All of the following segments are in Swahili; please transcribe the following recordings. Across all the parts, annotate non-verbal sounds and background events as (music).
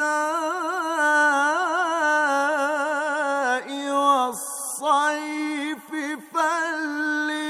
والشتاء والصيف فلي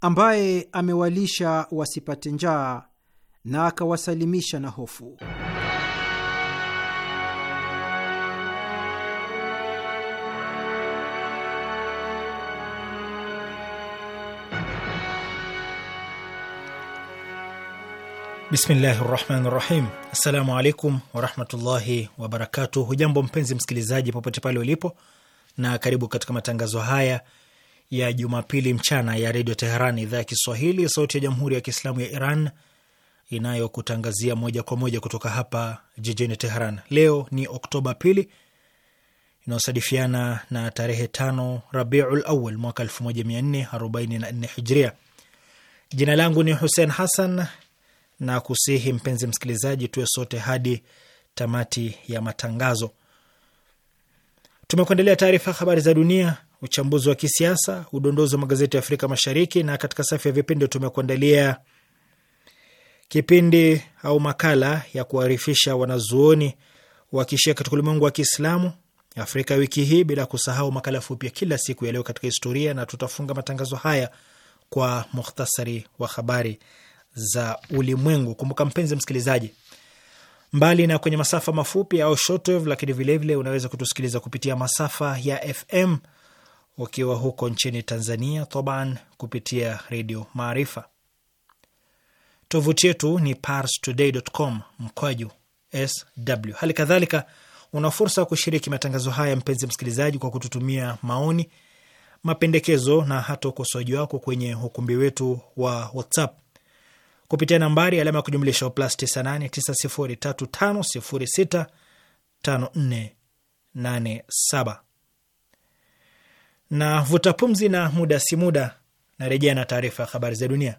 ambaye amewalisha wasipate njaa na akawasalimisha na hofu. Bismillahi rahmani rahim. Assalamu alaikum warahmatullahi wabarakatuh. Hujambo mpenzi msikilizaji, popote pale ulipo, na karibu katika matangazo haya ya Jumapili mchana ya Redio Teheran, idhaa ya Kiswahili, sauti ya Jamhuri ya Kiislamu ya Iran inayokutangazia moja kwa moja kutoka hapa jijini Teheran. Leo ni Oktoba pili inayosadifiana na tarehe tano Rabiul Awal mwaka nne Hijria. Jina langu ni Hussein Hassan na kusihi mpenzi msikilizaji, tuwe sote hadi tamati ya matangazo. Tumekuendelea taarifa ya habari za dunia uchambuzi wa kisiasa, udondozi wa magazeti ya Afrika Mashariki, na katika safu ya vipindi tumekuandalia kipindi au makala ya kuarifisha wanazuoni wa kishia katika ulimwengu wa Kiislamu Afrika wiki hii, bila kusahau makala fupi ya kila siku ya leo katika historia, na tutafunga matangazo haya kwa muhtasari wa habari za ulimwengu. Kumbuka mpenzi msikilizaji, mbali na kwenye masafa mafupi au shortwave, lakini vilevile unaweza kutusikiliza kupitia masafa ya FM ukiwa huko nchini Tanzania toban kupitia redio Maarifa. Tovuti yetu ni parstoday.com mkwaju sw. Hali kadhalika una fursa ya kushiriki matangazo haya, mpenzi msikilizaji, kwa kututumia maoni, mapendekezo na hata ukosoaji wako kwenye ukumbi wetu wa WhatsApp kupitia nambari alama ya kujumlisha plus 989035065487 na vuta pumzi, na muda si muda narejea na taarifa ya habari za dunia.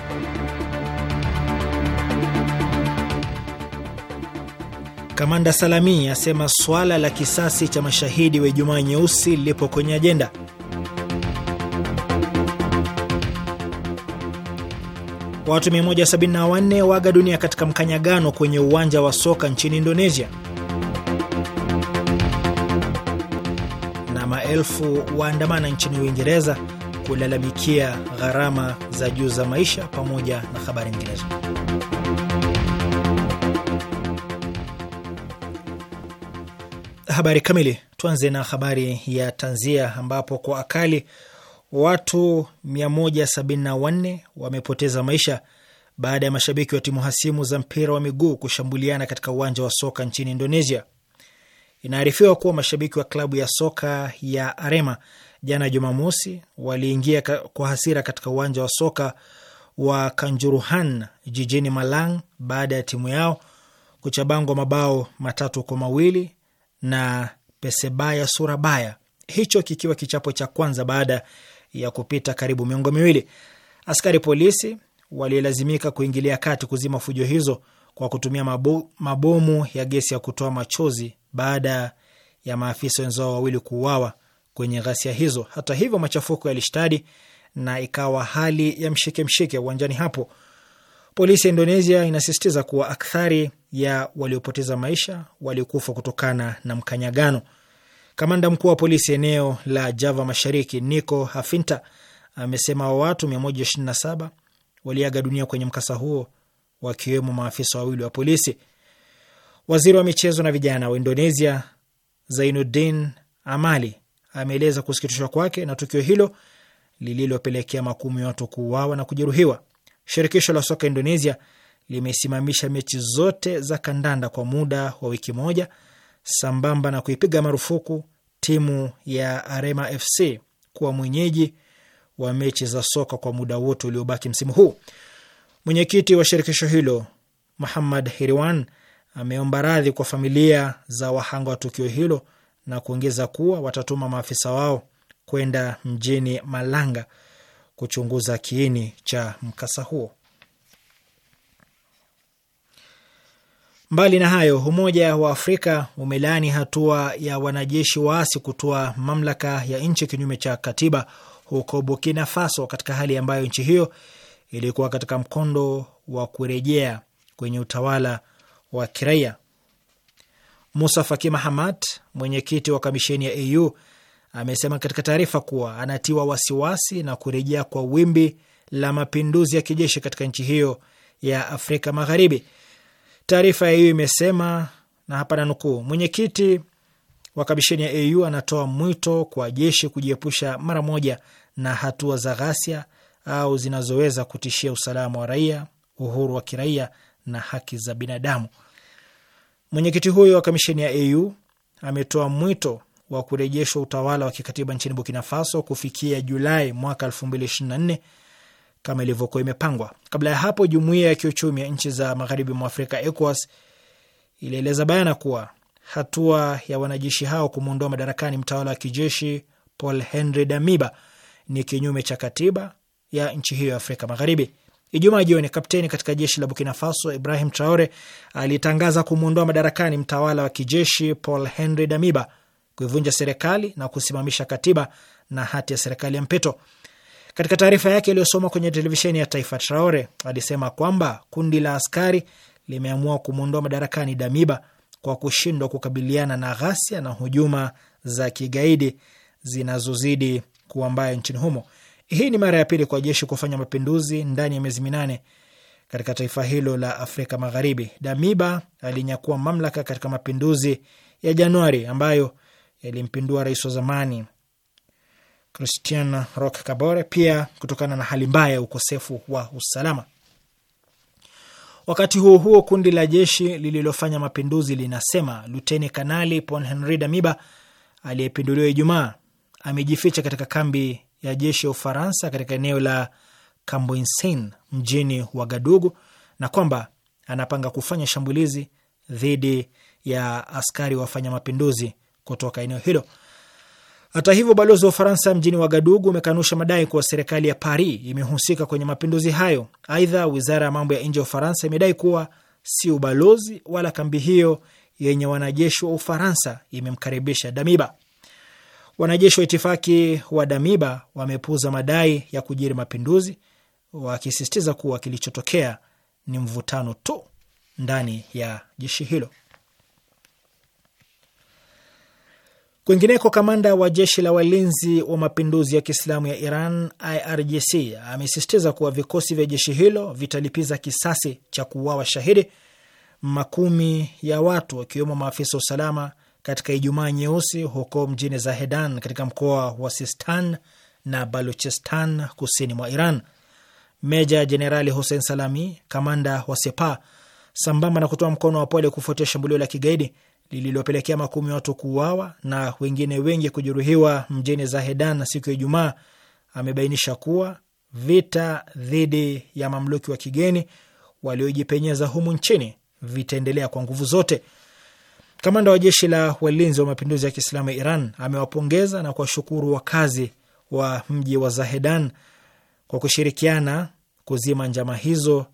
Kamanda Salami asema swala la kisasi cha mashahidi wa Ijumaa nyeusi lipo kwenye ajenda. Watu 174 waga dunia katika mkanyagano kwenye uwanja wa soka nchini Indonesia. Na maelfu waandamana nchini Uingereza kulalamikia gharama za juu za maisha pamoja na habari nyinginezo. habari kamili. Tuanze na habari ya tanzia, ambapo kwa akali watu 174 wamepoteza maisha baada ya mashabiki wa timu hasimu za mpira wa miguu kushambuliana katika uwanja wa soka nchini Indonesia. Inaarifiwa kuwa mashabiki wa klabu ya soka ya Arema jana Jumamosi waliingia kwa hasira katika uwanja wa soka wa Kanjuruhan jijini Malang baada ya timu yao kuchabangwa mabao matatu kwa mawili na Pesebaya Surabaya, hicho kikiwa kichapo cha kwanza baada ya kupita karibu miongo miwili. Askari polisi walilazimika kuingilia kati kuzima fujo hizo kwa kutumia mabu, mabomu ya gesi ya kutoa machozi baada ya maafisa wenzao wawili kuuawa kwenye ghasia hizo. Hata hivyo, machafuko yalishtadi na ikawa hali ya mshike mshike uwanjani hapo Polisi ya Indonesia inasisitiza kuwa akthari ya waliopoteza maisha waliokufa kutokana na mkanyagano. Kamanda mkuu wa polisi eneo la Java Mashariki, Nico Hafinta, amesema watu 127 waliaga dunia kwenye mkasa huo, wakiwemo maafisa wawili wa polisi. Waziri wa michezo na vijana wa Indonesia, Zainuddin Amali, ameeleza kusikitishwa kwake na tukio hilo lililopelekea makumi ya watu kuuawa na kujeruhiwa. Shirikisho la soka Indonesia limesimamisha mechi zote za kandanda kwa muda wa wiki moja sambamba na kuipiga marufuku timu ya Arema FC kuwa mwenyeji wa mechi za soka kwa muda wote uliobaki msimu huu. Mwenyekiti wa shirikisho hilo Muhammad Hiriwan ameomba radhi kwa familia za wahanga wa tukio hilo na kuongeza kuwa watatuma maafisa wao kwenda mjini Malanga kuchunguza kiini cha mkasa huo. Mbali na hayo, Umoja wa Afrika umelaani hatua ya wanajeshi waasi kutoa mamlaka ya nchi kinyume cha katiba huko Burkina Faso, katika hali ambayo nchi hiyo ilikuwa katika mkondo wa kurejea kwenye utawala wa kiraia. Musa Faki Mahamat, mwenyekiti wa kamisheni ya AU amesema katika taarifa kuwa anatiwa wasiwasi na kurejea kwa wimbi la mapinduzi ya kijeshi katika nchi hiyo ya Afrika Magharibi. Taarifa ya AU imesema na hapa na nukuu, mwenyekiti wa kamisheni ya AU anatoa mwito kwa jeshi kujiepusha mara moja na hatua za ghasia au zinazoweza kutishia usalama wa raia, uhuru wa kiraia na haki za binadamu. Mwenyekiti huyo wa kamisheni ya AU ametoa mwito wa kurejeshwa utawala wa kikatiba nchini Burkina Faso kufikia Julai mwaka 2024 kama ilivyokuwa imepangwa. Kabla ya hapo, jumuiya ya kiuchumi ya nchi za magharibi mwa Afrika ECOWAS ilieleza bayana kuwa hatua ya wanajeshi hao kumwondoa madarakani mtawala wa kijeshi Paul Henry Damiba ni kinyume cha katiba ya nchi hiyo ya Afrika Magharibi. Ijumaa jioni, kapteni katika jeshi la Burkina Faso Ibrahim Traore alitangaza kumwondoa madarakani mtawala wa kijeshi Paul Henry Damiba kuivunja serikali na kusimamisha katiba na hati ya serikali ya mpito. Katika taarifa yake iliyosoma kwenye televisheni ya taifa, Traore alisema kwamba kundi la askari limeamua kumwondoa madarakani Damiba kwa kushindwa kukabiliana na ghasia na hujuma za kigaidi zinazozidi kuwa mbaya nchini humo. Hii ni mara ya pili kwa jeshi kufanya mapinduzi ndani ya miezi minane katika taifa hilo la Afrika Magharibi. Damiba alinyakua mamlaka katika mapinduzi ya Januari ambayo yalimpindua rais wa zamani Christian Rock Kabore, pia kutokana na hali mbaya ya ukosefu wa usalama. Wakati huo huo, kundi la jeshi lililofanya mapinduzi linasema luteni kanali Paul Henri Damiba aliyepinduliwa Ijumaa amejificha katika kambi ya jeshi ya Ufaransa katika eneo la Kamboinsin mjini Wagadugu na kwamba anapanga kufanya shambulizi dhidi ya askari wafanya mapinduzi kutoka eneo hilo. Hata hivyo, balozi wa Ufaransa mjini Wagadugu umekanusha madai kuwa serikali ya Paris imehusika kwenye mapinduzi hayo. Aidha, wizara ya mambo ya nje ya Ufaransa imedai kuwa si ubalozi wala kambi hiyo yenye wanajeshi wa Ufaransa imemkaribisha Damiba. Wanajeshi wa itifaki wa Damiba wamepuuza madai ya kujiri mapinduzi, wakisisitiza kuwa kilichotokea ni mvutano tu ndani ya jeshi hilo. Kwingineko, kamanda wa jeshi la walinzi wa mapinduzi ya Kiislamu ya Iran IRGC amesisitiza kuwa vikosi vya jeshi hilo vitalipiza kisasi cha kuuawa shahidi makumi ya watu wakiwemo maafisa wa usalama katika Ijumaa nyeusi huko mjini Zahedan katika mkoa wa Sistan na Baluchistan kusini mwa Iran. Meja Jenerali Hussein Salami, kamanda wa Sepa, sambamba na kutoa mkono wa pole kufuatia shambulio la kigaidi lililopelekea makumi ya watu kuuawa na wengine wengi kujeruhiwa mjini Zahedan siku ya Ijumaa, amebainisha kuwa vita dhidi ya mamluki wa kigeni waliojipenyeza humu nchini vitaendelea kwa nguvu zote. Kamanda wa jeshi la walinzi wa mapinduzi ya Kiislamu ya Iran amewapongeza na kuwashukuru wakazi wa mji wa Zahedan kwa kushirikiana kuzima njama hizo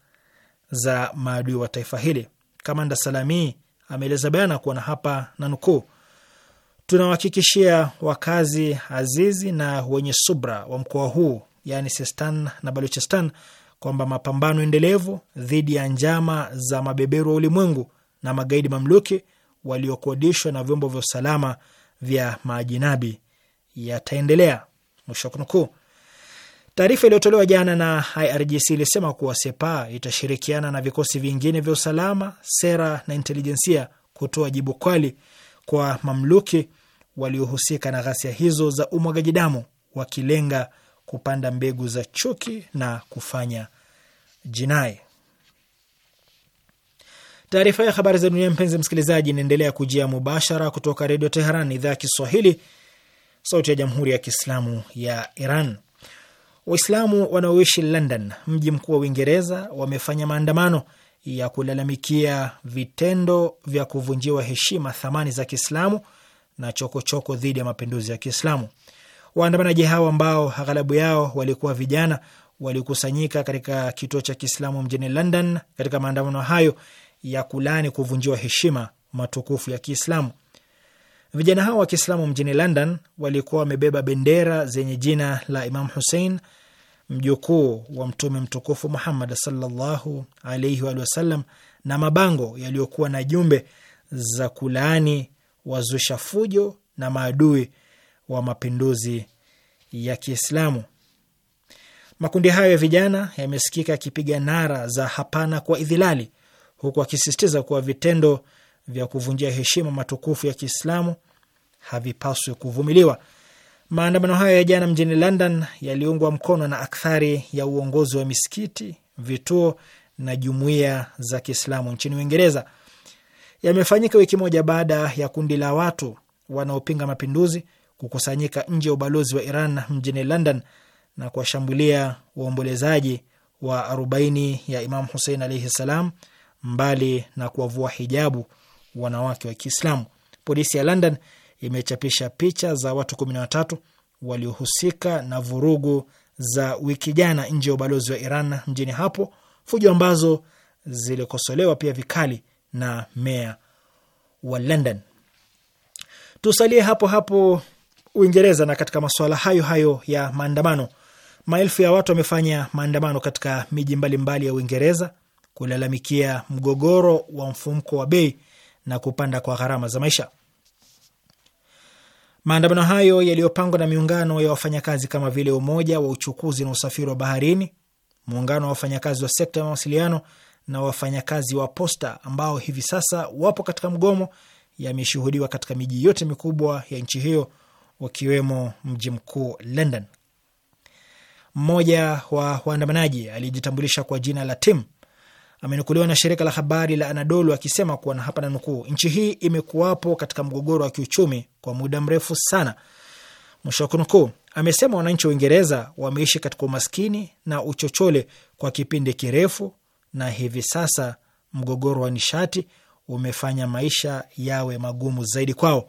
za maadui wa taifa hili. Kamanda Salamii ameeleza bayana kuwa na hapa na nukuu, tunawahakikishia wakazi azizi na wenye subra wa mkoa huu, yaani Sistan na Baluchistan, kwamba mapambano endelevu dhidi ya njama za mabeberu wa ulimwengu na magaidi mamluki waliokodishwa na vyombo vya usalama vya maajinabi yataendelea, mwisho wa kunukuu. Taarifa iliyotolewa jana na IRGC ilisema kuwa Sepa itashirikiana na vikosi vingine vya usalama, sera na intelijensia kutoa jibu kali kwa mamluki waliohusika na ghasia hizo za umwagaji damu, wakilenga kupanda mbegu za chuki na kufanya jinai. Taarifa ya habari za dunia, mpenzi msikilizaji, inaendelea kujia mubashara kutoka Redio Teheran, idhaa ya Kiswahili, sauti ya Jamhuri ya Kiislamu ya Iran. Waislamu wanaoishi London, mji mkuu wa Uingereza, wamefanya maandamano ya kulalamikia vitendo vya kuvunjiwa heshima thamani za Kiislamu na chokochoko dhidi ya mapinduzi ya Kiislamu. Waandamanaji hao ambao aghalabu yao walikuwa vijana walikusanyika katika kituo cha Kiislamu mjini London katika maandamano hayo ya kulani kuvunjiwa heshima matukufu ya Kiislamu. Vijana hao wa Kiislamu mjini London walikuwa wamebeba bendera zenye jina la Imam Hussein, mjukuu wa Mtume mtukufu Muhammad sallallahu alaihi wa sallam, na mabango yaliyokuwa na jumbe za kulaani wazusha fujo na maadui wa mapinduzi ya Kiislamu. Makundi hayo ya vijana yamesikika yakipiga nara za hapana kwa idhilali, huku akisisitiza kuwa vitendo vya kuvunjia heshima matukufu ya Kiislamu havipaswi kuvumiliwa. Maandamano hayo ya jana mjini London yaliungwa mkono na akthari ya uongozi wa misikiti, vituo na jumuiya za Kiislamu nchini Uingereza. Yamefanyika wiki moja baada ya kundi la watu wanaopinga mapinduzi kukusanyika nje ya ubalozi wa Iran mjini London na kuwashambulia waombolezaji wa arobaini ya Imam Husein alaihi salam, mbali na kuwavua hijabu wanawake wa Kiislamu. Polisi ya London imechapisha picha za watu kumi na watatu waliohusika na vurugu za wiki jana nje ya ubalozi wa Iran mjini hapo, fujo ambazo zilikosolewa pia vikali na meya wa London. Tusalie hapo hapo Uingereza, na katika masuala hayo hayo ya maandamano, maelfu ya watu wamefanya maandamano katika miji mbalimbali ya Uingereza kulalamikia mgogoro wa mfumko wa bei na kupanda kwa gharama za maisha. Maandamano hayo yaliyopangwa na miungano ya wafanyakazi kama vile umoja wa uchukuzi na usafiri wa baharini, muungano wa wafanyakazi wa sekta ya mawasiliano na wafanyakazi wa posta ambao hivi sasa wapo katika mgomo, yameshuhudiwa katika miji yote mikubwa ya nchi hiyo wakiwemo mji mkuu London. Mmoja wa waandamanaji alijitambulisha kwa jina la Tim amenukuliwa na shirika la habari la Anadolu akisema kuwa na hapa na nukuu, nchi hii imekuwapo katika mgogoro wa kiuchumi kwa muda mrefu sana, mwisho wa kunukuu. Amesema wananchi wa Uingereza wameishi katika umaskini na uchochole kwa kipindi kirefu, na hivi sasa mgogoro wa nishati umefanya maisha yawe magumu zaidi kwao.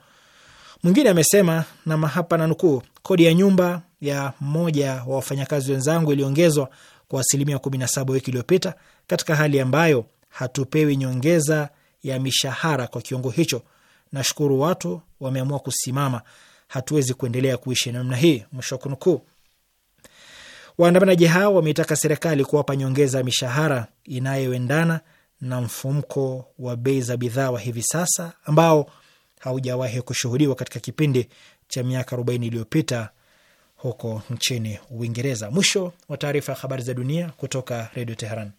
Mwingine amesema na mahapa na nukuu, kodi ya nyumba ya mmoja wa wafanyakazi wenzangu iliongezwa kwa asilimia 17 wiki iliyopita katika hali ambayo hatupewi nyongeza ya mishahara kwa kiwango hicho. Nashukuru watu wameamua kusimama, hatuwezi kuendelea kuishi namna hii, mwisho wa kunukuu. Waandamanaji hao wameitaka serikali kuwapa nyongeza ya mishahara inayoendana na mfumko wa bei za bidhaa wa hivi sasa ambao haujawahi kushuhudiwa katika kipindi cha miaka 40 iliyopita huko nchini Uingereza. Mwisho wa taarifa ya habari za dunia kutoka Redio Teheran.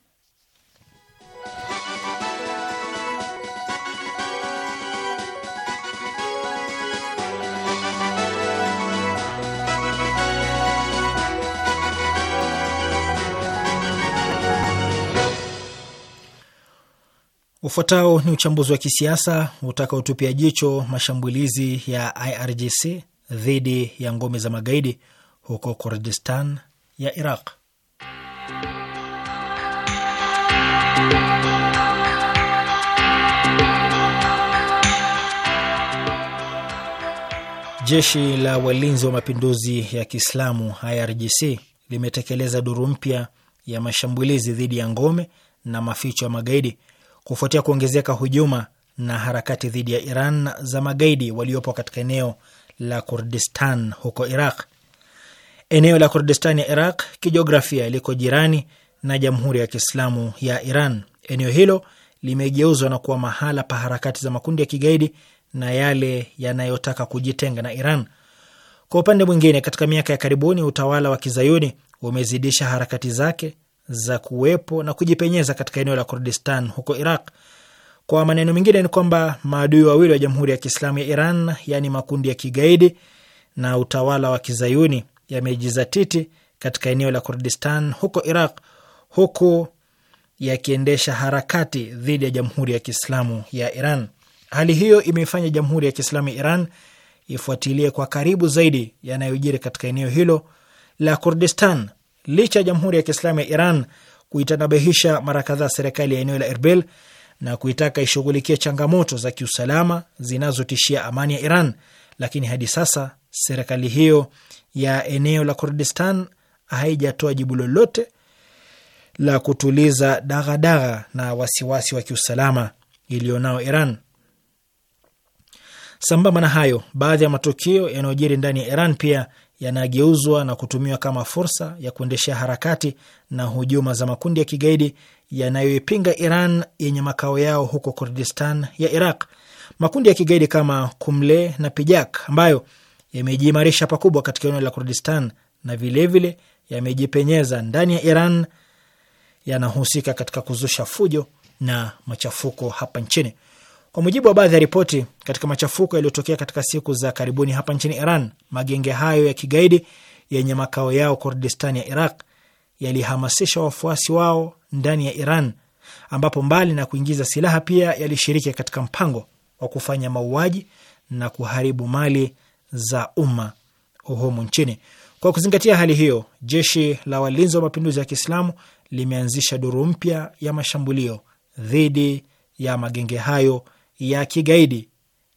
Ufuatao ni uchambuzi wa kisiasa utakaotupia jicho mashambulizi ya IRGC dhidi ya ngome za magaidi huko Kurdistan ya Iraq. Jeshi la walinzi wa mapinduzi ya Kiislamu IRGC limetekeleza duru mpya ya mashambulizi dhidi ya ngome na maficho ya magaidi kufuatia kuongezeka hujuma na harakati dhidi ya Iran za magaidi waliopo katika eneo la Kurdistan huko Iraq. Eneo la Kurdistan ya Iraq kijiografia liko jirani na Jamhuri ya Kiislamu ya Iran. Eneo hilo limegeuzwa na kuwa mahala pa harakati za makundi ya kigaidi na yale yanayotaka kujitenga na Iran. Kwa upande mwingine, katika miaka ya karibuni utawala wa kizayuni umezidisha harakati zake za kuwepo na kujipenyeza katika eneo la Kurdistan huko Iraq. Kwa maneno mengine, ni kwamba maadui wawili wa Jamhuri ya Kiislamu ya Iran, yaani makundi ya kigaidi na utawala wa kizayuni yamejizatiti katika eneo la Kurdistan huko Iraq, huku yakiendesha harakati dhidi ya Jamhuri ya Kiislamu ya Iran. Hali hiyo imeifanya Jamhuri ya Kiislamu ya Iran ifuatilie kwa karibu zaidi yanayojiri katika eneo hilo la Kurdistan licha ya Jamhuri ya Kiislamu ya Iran kuitanabihisha mara kadhaa serikali ya eneo la Erbil na kuitaka ishughulikie changamoto za kiusalama zinazotishia amani ya Iran, lakini hadi sasa serikali hiyo ya eneo la Kurdistan haijatoa jibu lolote la kutuliza dagadaga na wasiwasi wa kiusalama iliyonao Iran. Sambamba na hayo, baadhi ya matukio yanayojiri ndani ya Iran pia yanageuzwa na kutumiwa kama fursa ya kuendeshea harakati na hujuma za makundi ya kigaidi yanayoipinga Iran yenye makao yao huko Kurdistan ya Iraq. Makundi ya kigaidi kama Kumle na Pijak ambayo yamejiimarisha pakubwa katika eneo la Kurdistan na vilevile yamejipenyeza ndani ya Iran yanahusika katika kuzusha fujo na machafuko hapa nchini. Kwa mujibu wa baadhi ya ripoti, katika machafuko yaliyotokea katika siku za karibuni hapa nchini Iran, magenge hayo ya kigaidi yenye makao yao Kurdistan ya Iraq yalihamasisha wafuasi wao ndani ya Iran, ambapo mbali na kuingiza silaha pia yalishiriki katika mpango wa kufanya mauaji na kuharibu mali za umma humu nchini. Kwa kuzingatia hali hiyo, jeshi la walinzi wa mapinduzi ya Kiislamu limeanzisha duru mpya ya mashambulio dhidi ya magenge hayo ya kigaidi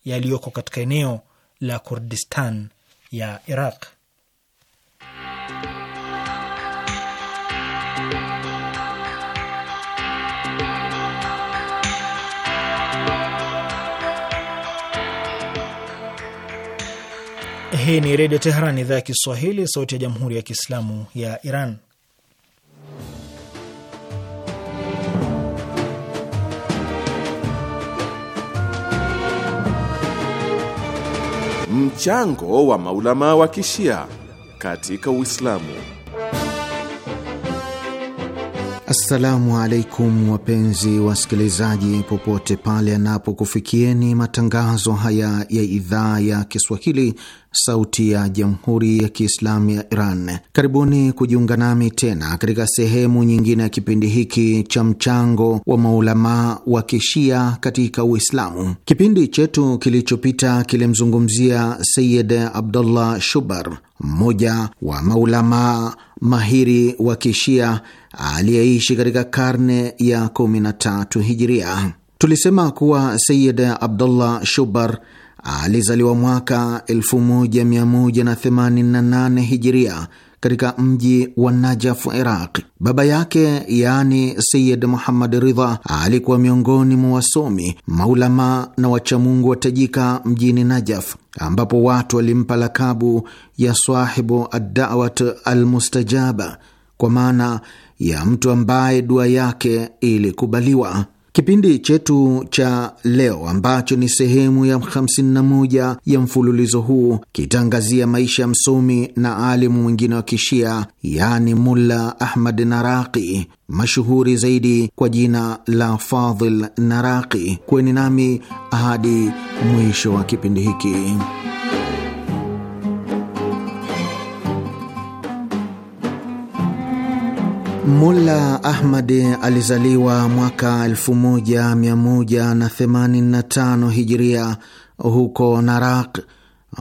yaliyoko katika eneo la Kurdistan ya Iraq. Hii ni Redio Teheran, idhaa ya Kiswahili, sauti ya Jamhuri ya Kiislamu ya Iran. Mchango wa maulama wa kishia katika Uislamu. Assalamu alaikum wapenzi wasikilizaji, popote pale anapokufikieni matangazo haya ya idhaa ya Kiswahili, Sauti ya Jamhuri ya Kiislamu ya Iran. Karibuni kujiunga nami tena katika sehemu nyingine ya kipindi hiki cha mchango wa maulamaa wa kishia katika Uislamu. Kipindi chetu kilichopita kilimzungumzia Sayid Abdullah Shubar, mmoja wa maulamaa mahiri wa kishia aliyeishi katika karne ya 13 hijiria. Tulisema kuwa Sayid Abdullah Shubar alizaliwa mwaka 1188 hijiria katika mji wa Najaf, Iraq. Baba yake yaani Sayid Muhammad Ridha alikuwa miongoni mwa wasomi, maulama na wachamungu wa tajika mjini Najaf, ambapo watu walimpa lakabu ya Swahibu Addawat Almustajaba, kwa maana ya mtu ambaye dua yake ilikubaliwa. Kipindi chetu cha leo ambacho ni sehemu ya 51 ya mfululizo huu kitaangazia maisha ya msomi na alimu mwingine wa Kishia, yani Mulla Ahmad Naraqi, mashuhuri zaidi kwa jina la Fadhil Naraqi. kweni nami hadi mwisho wa kipindi hiki. Mulla Ahmadi alizaliwa mwaka 1185 Hijiria huko Naraq,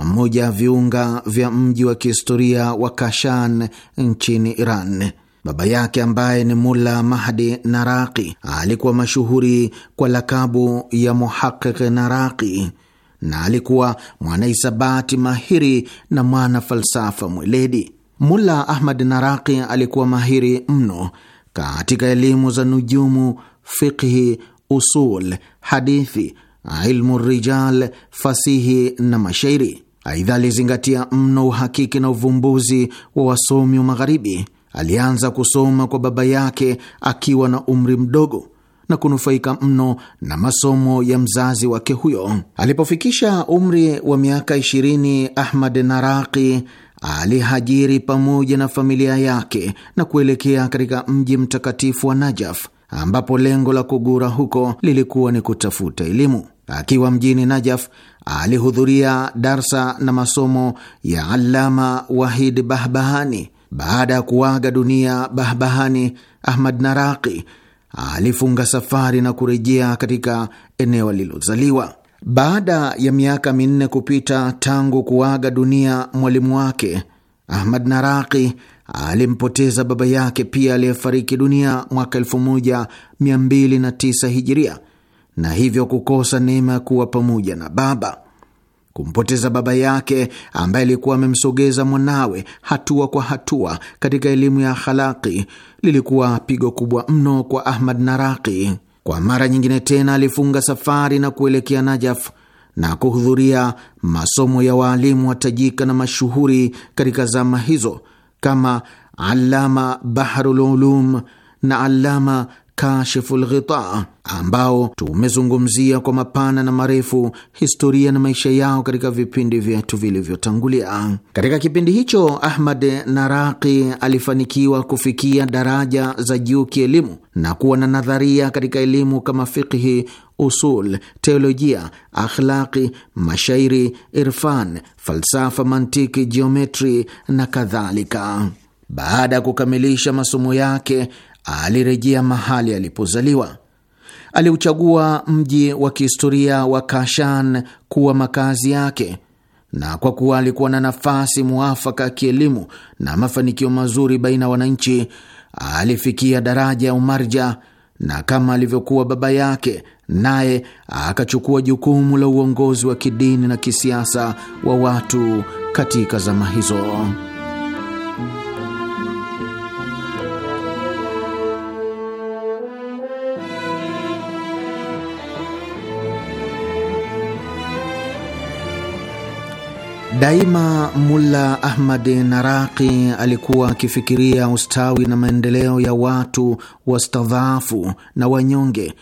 mmoja ya viunga vya mji wa kihistoria wa Kashan nchini Iran. Baba yake ambaye ni Mulla Mahdi Naraqi alikuwa mashuhuri kwa lakabu ya Muhaqiq Naraqi na alikuwa mwanahisabati mahiri na mwana falsafa mweledi. Mulla Ahmad Naraqi alikuwa mahiri mno katika elimu za nujumu, fiqhi, usul, hadithi, ilmu rijal, fasihi na mashairi. Aidha, alizingatia mno uhakiki na uvumbuzi wa wasomi wa Magharibi. Alianza kusoma kwa baba yake akiwa na umri mdogo na kunufaika mno na masomo ya mzazi wake huyo. Alipofikisha umri wa miaka ishirini, Ahmad Naraqi alihajiri pamoja na familia yake na kuelekea katika mji mtakatifu wa Najaf ambapo lengo la kugura huko lilikuwa ni kutafuta elimu. Akiwa mjini Najaf alihudhuria darsa na masomo ya Allama Wahid Bahbahani. Baada ya kuaga dunia Bahbahani, Ahmad Naraki alifunga safari na kurejea katika eneo alilozaliwa. Baada ya miaka minne kupita tangu kuaga dunia mwalimu wake, Ahmad Naraqi alimpoteza baba yake pia aliyefariki dunia mwaka 1209 Hijiria, na hivyo kukosa neema ya kuwa pamoja na baba. Kumpoteza baba yake ambaye alikuwa amemsogeza mwanawe hatua kwa hatua katika elimu ya khalaki lilikuwa pigo kubwa mno kwa Ahmad Naraqi. Kwa mara nyingine tena alifunga safari na kuelekea Najaf na kuhudhuria masomo ya waalimu watajika na mashuhuri katika zama hizo kama Allama Bahrul Ulum na Allama Kashiful Ghita, ambao tumezungumzia kwa mapana na marefu historia na maisha yao katika vipindi vyetu vilivyotangulia. Katika kipindi hicho, Ahmad Naraqi alifanikiwa kufikia daraja za juu kielimu na kuwa na nadharia katika elimu kama fikhi, usul, teolojia, akhlaqi, mashairi, irfan, falsafa, mantiki, geometri na kadhalika. Baada ya kukamilisha masomo yake alirejea mahali alipozaliwa. Aliuchagua mji wa kihistoria wa Kashan kuwa makazi yake, na kwa kuwa alikuwa na nafasi mwafaka ya kielimu na mafanikio mazuri baina ya wananchi, alifikia daraja ya umarja, na kama alivyokuwa baba yake, naye akachukua jukumu la uongozi wa kidini na kisiasa wa watu katika zama hizo. Daima Mulla Ahmad naraqi alikuwa akifikiria ustawi na maendeleo ya watu wastadhafu na wanyonge,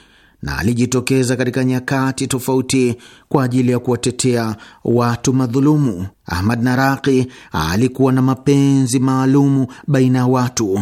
na alijitokeza katika nyakati tofauti kwa ajili ya kuwatetea watu madhulumu. Ahmad Naraqi alikuwa na mapenzi maalumu baina ya watu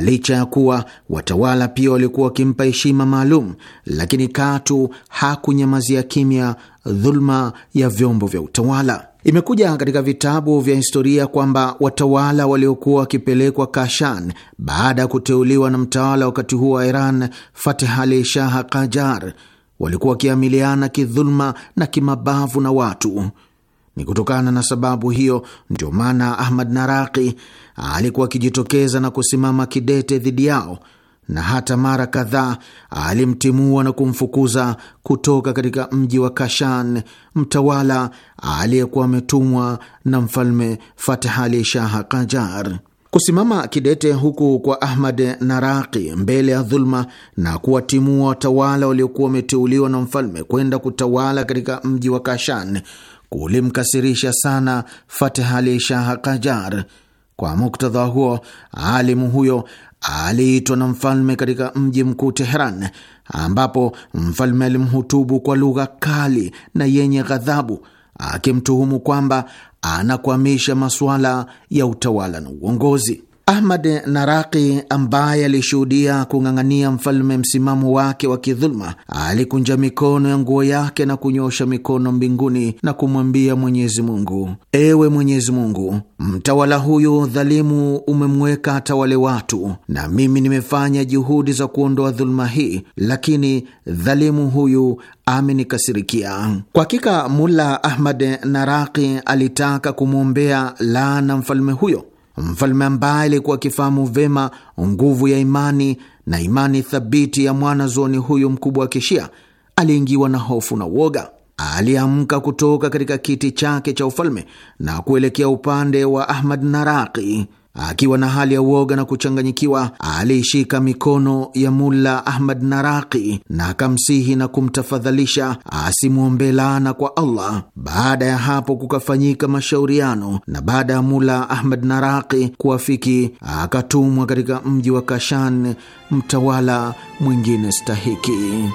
licha ya kuwa watawala pia walikuwa wakimpa heshima maalum, lakini katu hakunyamazia kimya dhuluma ya vyombo vya utawala. Imekuja katika vitabu vya historia kwamba watawala waliokuwa wakipelekwa Kashan baada ya kuteuliwa na mtawala wakati huo wa Iran Fatih Ali Shah Kajar walikuwa wakiamiliana kidhuluma na kimabavu na watu. Ni kutokana na sababu hiyo ndio maana Ahmad Naraki alikuwa akijitokeza na kusimama kidete dhidi yao na hata mara kadhaa alimtimua na kumfukuza kutoka katika mji wa Kashan mtawala aliyekuwa ametumwa na mfalme Fatih Shah Kajar. Kusimama kidete huku kwa Ahmad Naraki mbele ya dhuluma na kuwatimua watawala waliokuwa wameteuliwa na mfalme kwenda kutawala katika mji wa Kashan kulimkasirisha sana Fatih Ali Shah Kajar. Kwa muktadha huo, alimu huyo aliitwa na mfalme katika mji mkuu Teheran, ambapo mfalme alimhutubu kwa lugha kali na yenye ghadhabu, akimtuhumu kwamba anakwamisha masuala ya utawala na uongozi. Ahmad Naraki ambaye alishuhudia kung'ang'ania mfalme msimamo wake wa kidhuluma, alikunja mikono ya nguo yake na kunyosha mikono mbinguni na kumwambia Mwenyezi Mungu, ewe Mwenyezi Mungu, mtawala huyu dhalimu umemweka atawale watu, na mimi nimefanya juhudi za kuondoa dhuluma hii, lakini dhalimu huyu amenikasirikia. Kwa hakika Mulla Ahmad Naraki alitaka kumwombea laana mfalme huyo mfalme ambaye alikuwa akifahamu vema nguvu ya imani na imani thabiti ya mwana zoni huyu mkubwa wa Kishia aliingiwa na hofu na uoga. Aliamka kutoka katika kiti chake cha ufalme na kuelekea upande wa Ahmad Naraki. Akiwa na hali ya uoga na kuchanganyikiwa, aliishika mikono ya Mulla Ahmad Naraki na akamsihi na kumtafadhalisha asimwombe laana kwa Allah. Baada ya hapo kukafanyika mashauriano, na baada ya Mulla Ahmad Naraki kuwafiki, akatumwa katika mji wa Kashan mtawala mwingine stahiki.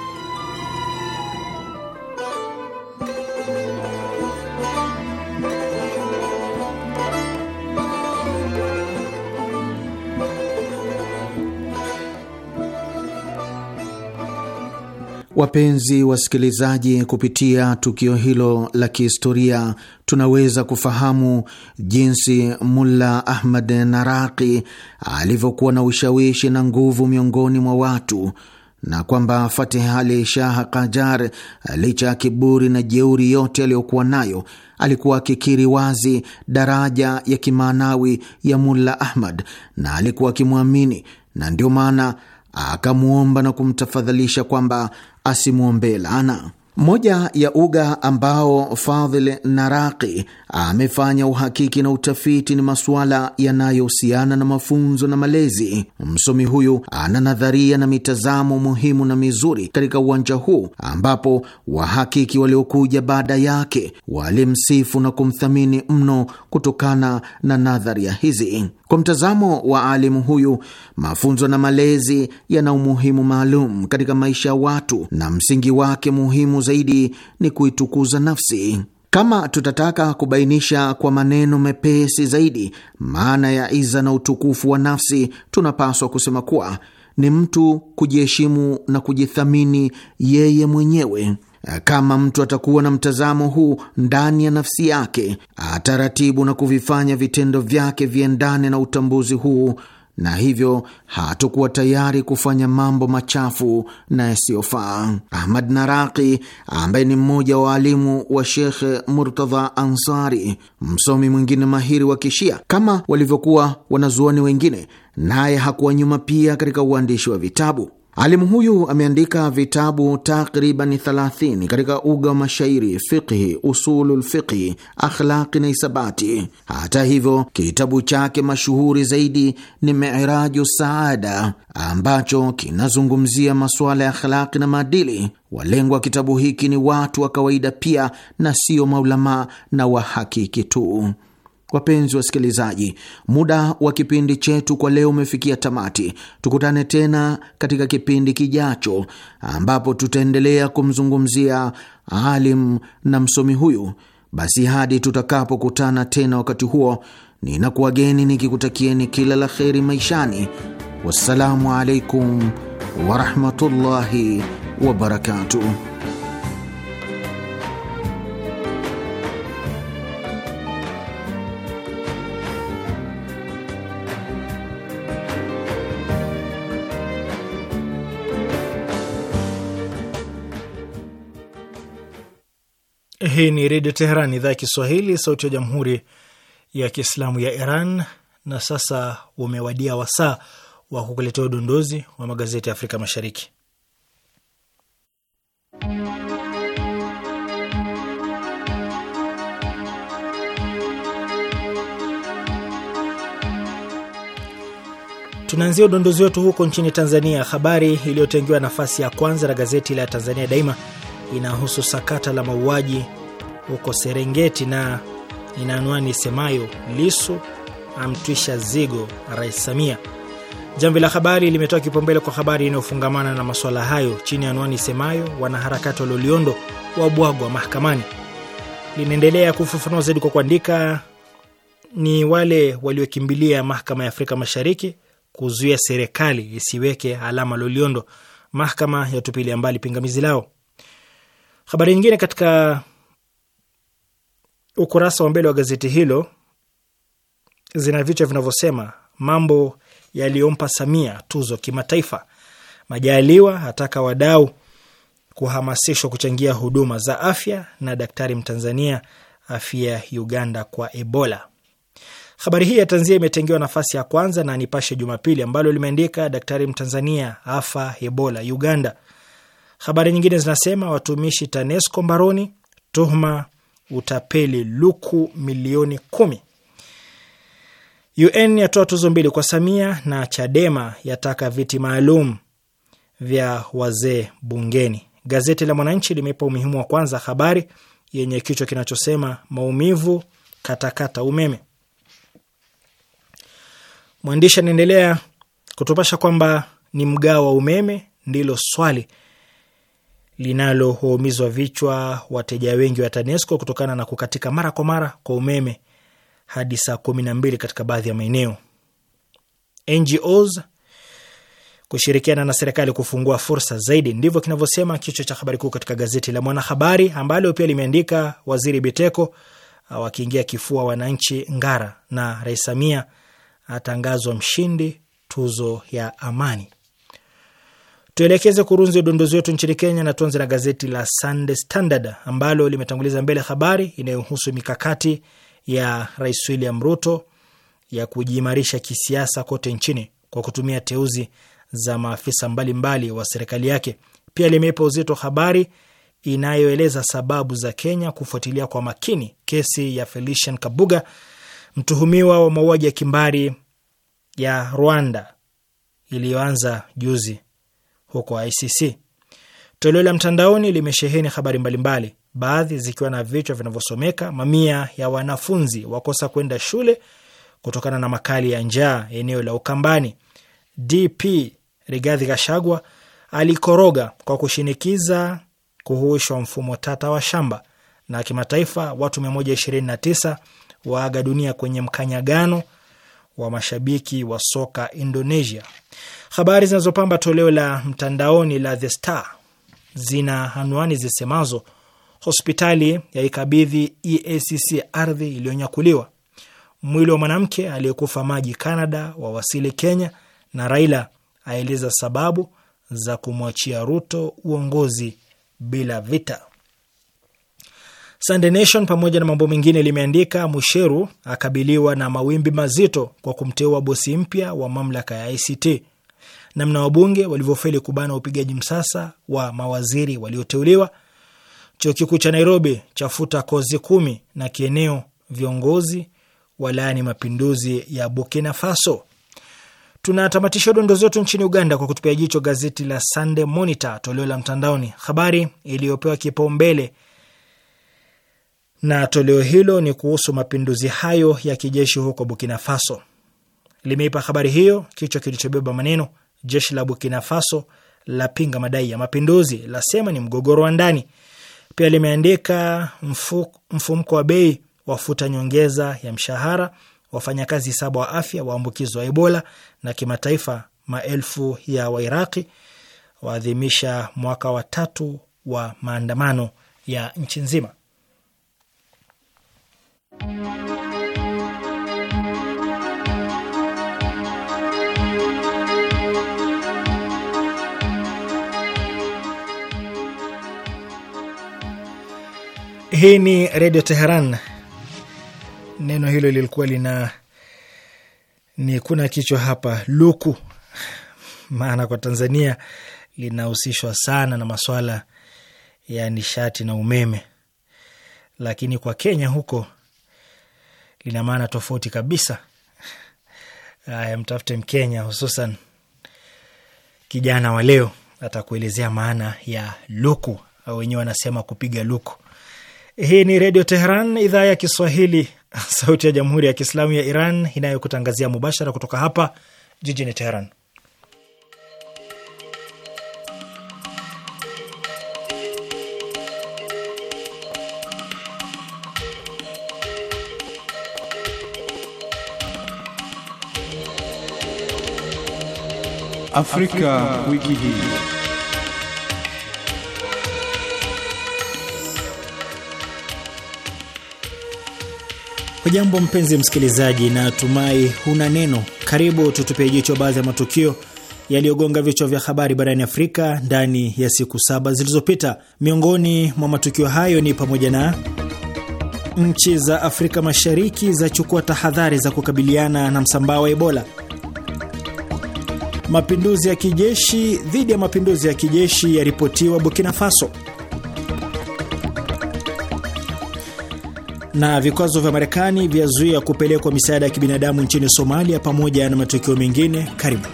Wapenzi wasikilizaji, kupitia tukio hilo la kihistoria tunaweza kufahamu jinsi Mulla Ahmad Naraqi alivyokuwa na ushawishi na nguvu miongoni mwa watu na kwamba Fatih Ali Shah Kajar, licha ya kiburi na jeuri yote aliyokuwa nayo, alikuwa akikiri wazi daraja ya kimaanawi ya Mulla Ahmad na alikuwa akimwamini, na ndio maana akamwomba na kumtafadhalisha kwamba asimwombee laana. Moja ya uga ambao Fadhil Naraqi amefanya uhakiki na utafiti ni masuala yanayohusiana na mafunzo na malezi. Msomi huyu ana nadharia na mitazamo muhimu na mizuri katika uwanja huu, ambapo wahakiki waliokuja baada yake walimsifu na kumthamini mno kutokana na nadharia hizi. Kwa mtazamo wa alimu huyu, mafunzo na malezi yana umuhimu maalum katika maisha ya watu, na msingi wake muhimu zaidi ni kuitukuza nafsi. Kama tutataka kubainisha kwa maneno mepesi zaidi maana ya iza na utukufu wa nafsi, tunapaswa kusema kuwa ni mtu kujiheshimu na kujithamini yeye mwenyewe. Eh, kama mtu atakuwa na mtazamo huu ndani ya nafsi yake, ataratibu na kuvifanya vitendo vyake viendane na utambuzi huu, na hivyo hatakuwa tayari kufanya mambo machafu na yasiyofaa. Ahmad Naraqi, ambaye ni mmoja wa waalimu wa Shekh Murtadha Ansari, msomi mwingine mahiri wa Kishia, kama walivyokuwa wanazuoni wengine, naye hakuwa nyuma pia katika uandishi wa vitabu. Alimu huyu ameandika vitabu takriban 30 katika uga wa mashairi, fiqhi, usulul fiqhi, akhlaqi na isabati. Hata hivyo, kitabu chake mashuhuri zaidi ni Miraju Saada ambacho kinazungumzia masuala ya akhlaqi na maadili. Walengwa wa kitabu hiki ni watu wa kawaida pia na sio maulamaa na wahakiki tu. Wapenzi wasikilizaji, muda wa kipindi chetu kwa leo umefikia tamati. Tukutane tena katika kipindi kijacho, ambapo tutaendelea kumzungumzia alim na msomi huyu. Basi hadi tutakapokutana tena, wakati huo ninakuwageni nikikutakieni kila la kheri maishani. Wassalamu alaikum warahmatullahi wabarakatuh. Hii ni Redio Teheran, idhaa ya Kiswahili, sauti ya Jamhuri ya Kiislamu ya Iran. Na sasa umewadia wasaa wa kukuletea udondozi wa magazeti ya Afrika Mashariki. Tunaanzia udondozi wetu huko nchini Tanzania. Habari iliyotengewa nafasi ya kwanza na gazeti la Tanzania Daima inahusu sakata la mauaji huko Serengeti na ina anwani semayo Lisu amtwisha zigo Rais Samia. Jamvi la Habari limetoa kipaumbele kwa habari inayofungamana na masuala hayo chini ya anwani semayo wanaharakati wa Loliondo wabwagwa mahakamani. Linaendelea kufafanua zaidi kwa kuandika, ni wale waliokimbilia mahakama ya Afrika Mashariki kuzuia serikali isiweke alama Loliondo. Mahakama ya yatupilia mbali pingamizi lao. Habari nyingine katika ukurasa wa mbele wa gazeti hilo zina vichwa vinavyosema mambo yaliyompa Samia tuzo kimataifa, Majaliwa ataka wadau kuhamasishwa kuchangia huduma za afya, na daktari mtanzania afya Uganda kwa Ebola. Habari hii ya tanzia imetengewa nafasi ya kwanza na Nipashe Jumapili ambalo limeandika daktari mtanzania afa Ebola Uganda. Habari nyingine zinasema watumishi TANESCO mbaroni, tuhuma utapeli luku milioni kumi. UN yatoa tuzo mbili kwa Samia na Chadema yataka viti maalum vya wazee bungeni. Gazeti la Mwananchi limeipa umuhimu wa kwanza habari yenye kichwa kinachosema maumivu katakata umeme. Mwandishi anaendelea kutupasha kwamba ni mgao wa umeme ndilo swali linalowaumizwa vichwa wateja wengi wa TANESCO kutokana na kukatika mara kwa mara kwa umeme hadi saa kumi na mbili katika baadhi ya maeneo. NGOs kushirikiana na serikali kufungua fursa zaidi, ndivyo kinavyosema kichwa cha habari kuu katika gazeti la Mwanahabari ambalo pia limeandika Waziri Biteko wakiingia kifua wananchi Ngara na Rais Samia atangazwa mshindi tuzo ya amani. Tuelekeze kurunzi udondozi wetu nchini Kenya na tuanze na gazeti la Sunday Standard ambalo limetanguliza mbele habari inayohusu mikakati ya Rais William Ruto ya kujiimarisha kisiasa kote nchini kwa kutumia teuzi za maafisa mbalimbali wa serikali yake. Pia limeipa uzito habari inayoeleza sababu za Kenya kufuatilia kwa makini kesi ya Felician Kabuga, mtuhumiwa wa mauaji ya kimbari ya Rwanda iliyoanza juzi huko ICC. Toleo la mtandaoni limesheheni habari mbalimbali, baadhi zikiwa na vichwa vinavyosomeka mamia ya wanafunzi wakosa kwenda shule kutokana na makali ya njaa eneo la Ukambani, DP Rigathi Gachagua alikoroga kwa kushinikiza kuhuishwa mfumo tata wa shamba, na kimataifa, watu 129 waaga dunia kwenye mkanyagano wa mashabiki wa soka Indonesia. Habari zinazopamba toleo la mtandaoni la The Star zina anwani zisemazo hospitali ya ikabidhi EACC ardhi iliyonyakuliwa, mwili wa mwanamke aliyekufa maji Canada wawasili Kenya, na Raila aeleza sababu za kumwachia Ruto uongozi bila vita. Sunday Nation pamoja na mambo mengine limeandika Musheru akabiliwa na mawimbi mazito kwa kumteua bosi mpya wa mamlaka ya ICT namna wabunge walivyofeli kubana upigaji msasa wa mawaziri walioteuliwa. Chuo kikuu cha Nairobi chafuta kozi kumi na kieneo viongozi walaani mapinduzi ya Burkina Faso. Tunatamatisha dondo zetu nchini Uganda kwa kutupia jicho gazeti la Sunday Monitor toleo la mtandaoni. Habari iliyopewa kipaumbele na toleo hilo ni kuhusu mapinduzi hayo ya kijeshi huko Burkina Faso. Limeipa habari hiyo kichwa kilichobeba maneno Jeshi la Burkina Faso lapinga madai ya mapinduzi, lasema ni mgogoro wa ndani. Pia limeandika mfumko wa bei wafuta nyongeza ya mshahara, wafanyakazi saba wa afya waambukizwa Ebola, na kimataifa maelfu ya Wairaqi waadhimisha mwaka wa tatu wa maandamano ya nchi nzima. Hii ni Redio Teheran. Neno hilo lilikuwa lina ni kuna kichwa hapa luku, maana kwa Tanzania linahusishwa sana na maswala ya nishati na umeme, lakini kwa Kenya huko lina maana tofauti kabisa. Aya, mtafute Mkenya hususan kijana wa leo atakuelezea maana ya luku, au wenyewe wanasema kupiga luku. Hii ni Redio Teheran, idhaa ya Kiswahili, (laughs) sauti ya Jamhuri ya Kiislamu ya Iran inayokutangazia mubashara kutoka hapa jijini Teheran. Afrika, Afrika wiki hii. Hujambo mpenzi msikilizaji, na tumai huna neno. Karibu tutupie jicho baadhi ya matukio yaliyogonga vichwa vya habari barani Afrika ndani ya siku saba zilizopita. Miongoni mwa matukio hayo ni pamoja na nchi za Afrika Mashariki zachukua tahadhari za kukabiliana na msambao wa Ebola, mapinduzi ya kijeshi dhidi ya mapinduzi ya kijeshi yaripotiwa Burkina Faso na vikwazo vya Marekani vyazuia kupelekwa misaada ya kibinadamu nchini Somalia, pamoja na matukio mengine. Karibu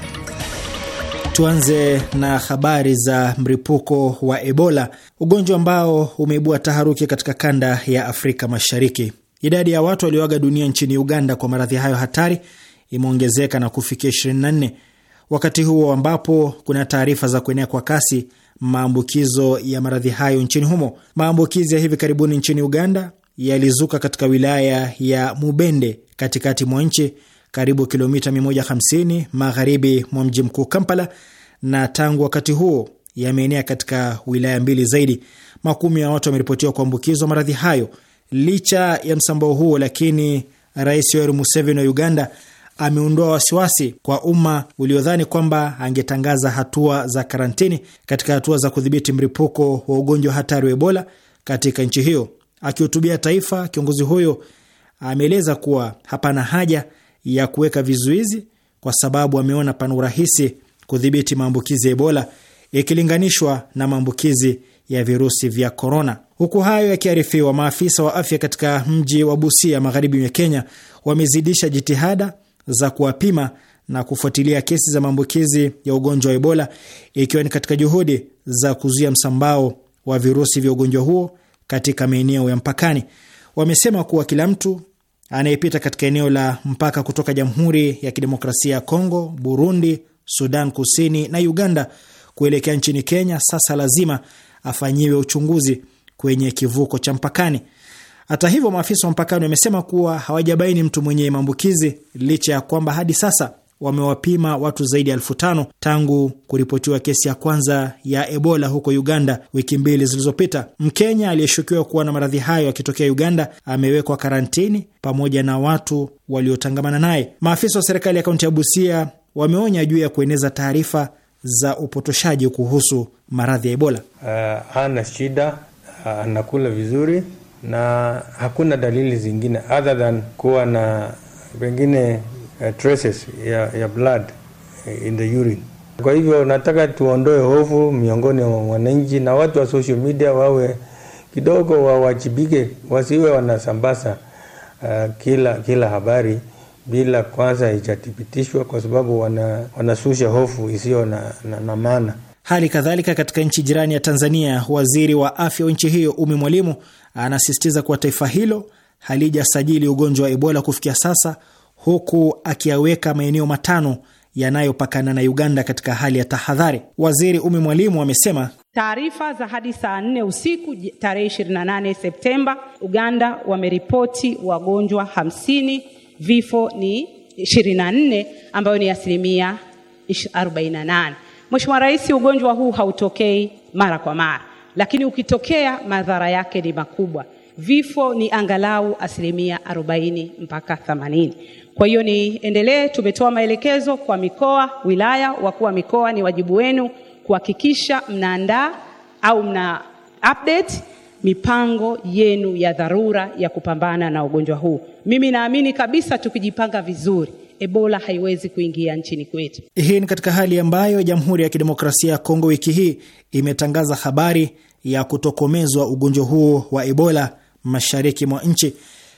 tuanze na habari za mlipuko wa Ebola, ugonjwa ambao umeibua taharuki katika kanda ya Afrika Mashariki. Idadi ya watu walioaga dunia nchini Uganda kwa maradhi hayo hatari imeongezeka na kufikia 24 wakati huo ambapo kuna taarifa za kuenea kwa kasi maambukizo ya maradhi hayo nchini humo. Maambukizi ya hivi karibuni nchini Uganda yalizuka katika wilaya ya Mubende katikati mwa nchi karibu kilomita 150 magharibi mwa mji mkuu Kampala, na tangu wakati huo yameenea katika wilaya mbili zaidi. Makumi ya watu wameripotiwa kuambukizwa maradhi hayo. Licha ya msambao huo, lakini Rais Yoweri Museveni wa Uganda ameondoa wasiwasi kwa umma uliodhani kwamba angetangaza hatua za karantini katika hatua za kudhibiti mripuko wa ugonjwa hatari wa Ebola katika nchi hiyo. Akihutubia taifa, kiongozi huyo ameeleza kuwa hapana haja ya kuweka vizuizi kwa sababu ameona pana urahisi kudhibiti maambukizi ya Ebola ikilinganishwa na maambukizi ya virusi vya korona. Huku hayo yakiarifiwa, maafisa wa afya katika mji wa Busia magharibi mwa Kenya wamezidisha jitihada za kuwapima na kufuatilia kesi za maambukizi ya ugonjwa wa Ebola ikiwa ni katika juhudi za kuzuia msambao wa virusi vya ugonjwa huo katika maeneo ya mpakani. Wamesema kuwa kila mtu anayepita katika eneo la mpaka kutoka Jamhuri ya Kidemokrasia ya Kongo, Burundi, Sudan Kusini na Uganda kuelekea nchini Kenya sasa lazima afanyiwe uchunguzi kwenye kivuko cha mpakani. Hata hivyo, maafisa wa mpakani wamesema kuwa hawajabaini mtu mwenye maambukizi licha ya kwamba hadi sasa wamewapima watu zaidi ya elfu tano tangu kuripotiwa kesi ya kwanza ya Ebola huko Uganda wiki mbili zilizopita. Mkenya aliyeshukiwa kuwa na maradhi hayo akitokea Uganda amewekwa karantini pamoja na watu waliotangamana naye. Maafisa wa serikali ya kaunti ya Busia wameonya juu ya kueneza taarifa za upotoshaji kuhusu maradhi ya Ebola. Uh, ana shida, uh, anakula vizuri na hakuna dalili zingine other than kuwa na pengine Uh, traces ya, ya blood uh, in the urine. Kwa hivyo nataka tuondoe hofu miongoni mwa wananchi na watu wa social media wawe kidogo wawajibike, wasiwe wanasambaza uh, kila, kila habari bila kwanza ijathibitishwa, kwa sababu wana, wanasusha hofu isiyo na, na, na maana. Hali kadhalika katika nchi jirani ya Tanzania, waziri wa afya wa nchi hiyo Umi Mwalimu anasisitiza kuwa taifa hilo halijasajili ugonjwa wa Ebola kufikia sasa huku akiyaweka maeneo matano yanayopakana na Uganda katika hali ya tahadhari. Waziri Umi Mwalimu amesema taarifa za hadi saa nne usiku tarehe 28 Septemba, Uganda wameripoti wagonjwa hamsini, vifo ni 24 ambayo ni asilimia 48. Mheshimiwa Rais, ugonjwa huu hautokei mara kwa mara, lakini ukitokea madhara yake ni makubwa. Vifo ni angalau asilimia 40 mpaka 80. Kwa hiyo niendelee, tumetoa maelekezo kwa mikoa, wilaya, wakuu wa mikoa, ni wajibu wenu kuhakikisha mnaandaa au mna update mipango yenu ya dharura ya kupambana na ugonjwa huu. Mimi naamini kabisa tukijipanga vizuri Ebola haiwezi kuingia nchini kwetu. Hii ni katika hali ambayo Jamhuri ya Kidemokrasia ya Kongo wiki hii imetangaza habari ya kutokomezwa ugonjwa huo wa Ebola mashariki mwa nchi.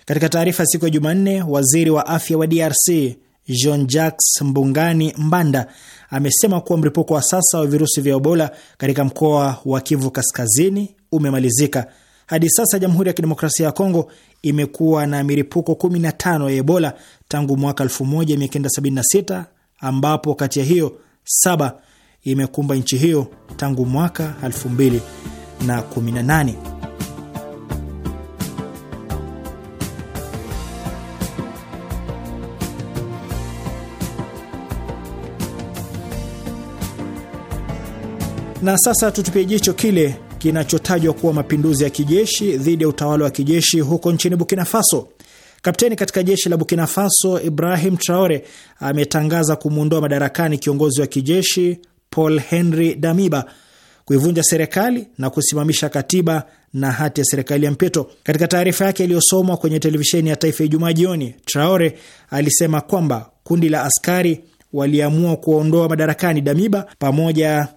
Katika taarifa siku ya Jumanne, waziri wa afya wa DRC Jean Jacques Mbungani Mbanda amesema kuwa mlipuko wa sasa wa virusi vya Ebola katika mkoa wa Kivu Kaskazini umemalizika. Hadi sasa Jamhuri ya Kidemokrasia ya Kongo imekuwa na milipuko 15 ya Ebola tangu mwaka 1976 ambapo kati ya hiyo saba imekumba nchi hiyo tangu mwaka 2018. Na sasa tutupie jicho kile kinachotajwa kuwa mapinduzi ya kijeshi dhidi ya utawala wa kijeshi huko nchini Burkina Faso. Kapteni katika jeshi la Burkina Faso Ibrahim Traore ametangaza kumwondoa madarakani kiongozi wa kijeshi Paul Henry Damiba, kuivunja serikali na kusimamisha katiba na hati ya serikali ya mpito. Katika taarifa yake iliyosomwa kwenye televisheni ya taifa Ijumaa jioni, Traore alisema kwamba kundi la askari waliamua kuwaondoa madarakani Damiba pamoja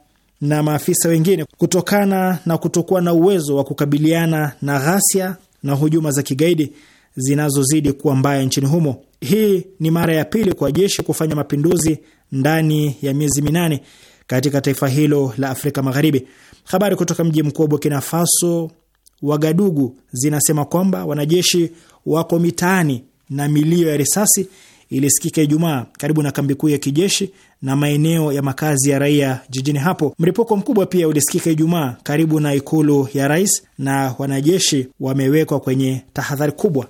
na maafisa wengine kutokana na kutokuwa na uwezo wa kukabiliana na ghasia na hujuma za kigaidi zinazozidi kuwa mbaya nchini humo. Hii ni mara ya pili kwa jeshi kufanya mapinduzi ndani ya miezi minane katika taifa hilo la Afrika Magharibi. Habari kutoka mji mkuu wa Burkina Faso, Wagadugu, zinasema kwamba wanajeshi wako mitaani na milio ya risasi ilisikika Ijumaa karibu na kambi kuu ya kijeshi na maeneo ya makazi ya raia jijini hapo. Mlipuko mkubwa pia ulisikika Ijumaa karibu na ikulu ya rais, na wanajeshi wamewekwa kwenye tahadhari kubwa.